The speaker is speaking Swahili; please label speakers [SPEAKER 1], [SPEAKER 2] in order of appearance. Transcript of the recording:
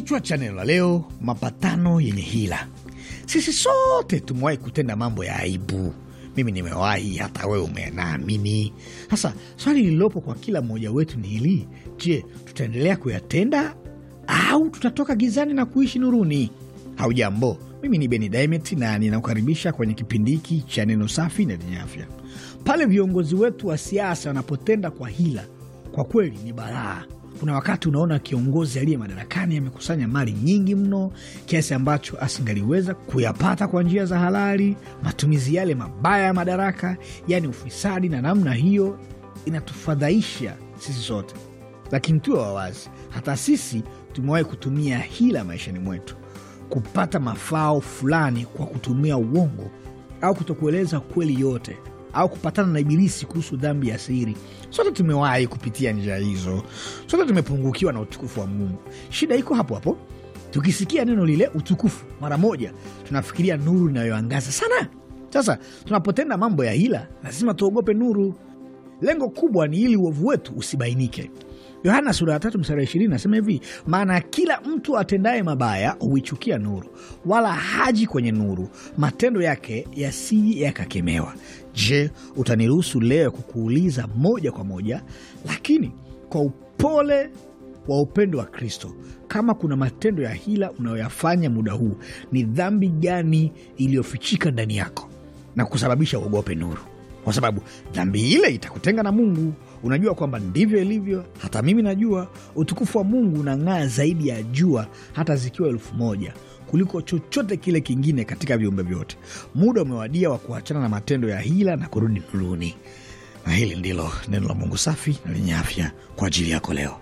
[SPEAKER 1] Kichwa cha neno la leo: mapatano yenye hila. Sisi sote tumewahi kutenda mambo ya aibu. Mimi nimewahi, hata wewe umenaamini. Sasa swali lililopo kwa kila mmoja wetu ni hili: je, tutaendelea kuyatenda au tutatoka gizani na kuishi nuruni? Haujambo, mimi ni Beni Dimet na ninakukaribisha kwenye kipindi hiki cha neno safi na lenye afya. Pale viongozi wetu wa siasa wanapotenda kwa hila, kwa kweli ni balaa kuna wakati unaona kiongozi aliye madarakani amekusanya mali nyingi mno kiasi ambacho asingaliweza kuyapata kwa njia za halali. Matumizi yale mabaya ya madaraka, yaani ufisadi na namna hiyo, inatufadhaisha sisi zote lakini tuwe wawazi, hata sisi tumewahi kutumia hila maishani mwetu kupata mafao fulani kwa kutumia uongo au kutokueleza kweli yote au kupatana na Ibilisi kuhusu dhambi ya siri. Sote tumewahi kupitia njia hizo, sote tumepungukiwa na utukufu wa Mungu. Shida iko hapo hapo, tukisikia neno lile utukufu, mara moja tunafikiria nuru inayoangaza sana. Sasa tunapotenda mambo ya hila, lazima tuogope nuru. Lengo kubwa ni ili uovu wetu usibainike. Yohana sura ya 3 mstari 20 nasema hivi, maana kila mtu atendaye mabaya huichukia nuru, wala haji kwenye nuru, matendo yake yasije yakakemewa. Je, utaniruhusu leo kukuuliza moja kwa moja, lakini kwa upole wa upendo wa Kristo, kama kuna matendo ya hila unayoyafanya muda huu, ni dhambi gani iliyofichika ndani yako na kusababisha uogope nuru? Kwa sababu dhambi ile itakutenga na Mungu. Unajua kwamba ndivyo ilivyo. Hata mimi najua utukufu wa Mungu unang'aa zaidi ya jua, hata zikiwa elfu moja kuliko chochote kile kingine katika viumbe vyote. Muda umewadia wa kuachana na matendo ya hila na kurudi nuluni na hili ndilo neno la Mungu safi na lenye afya kwa ajili yako leo.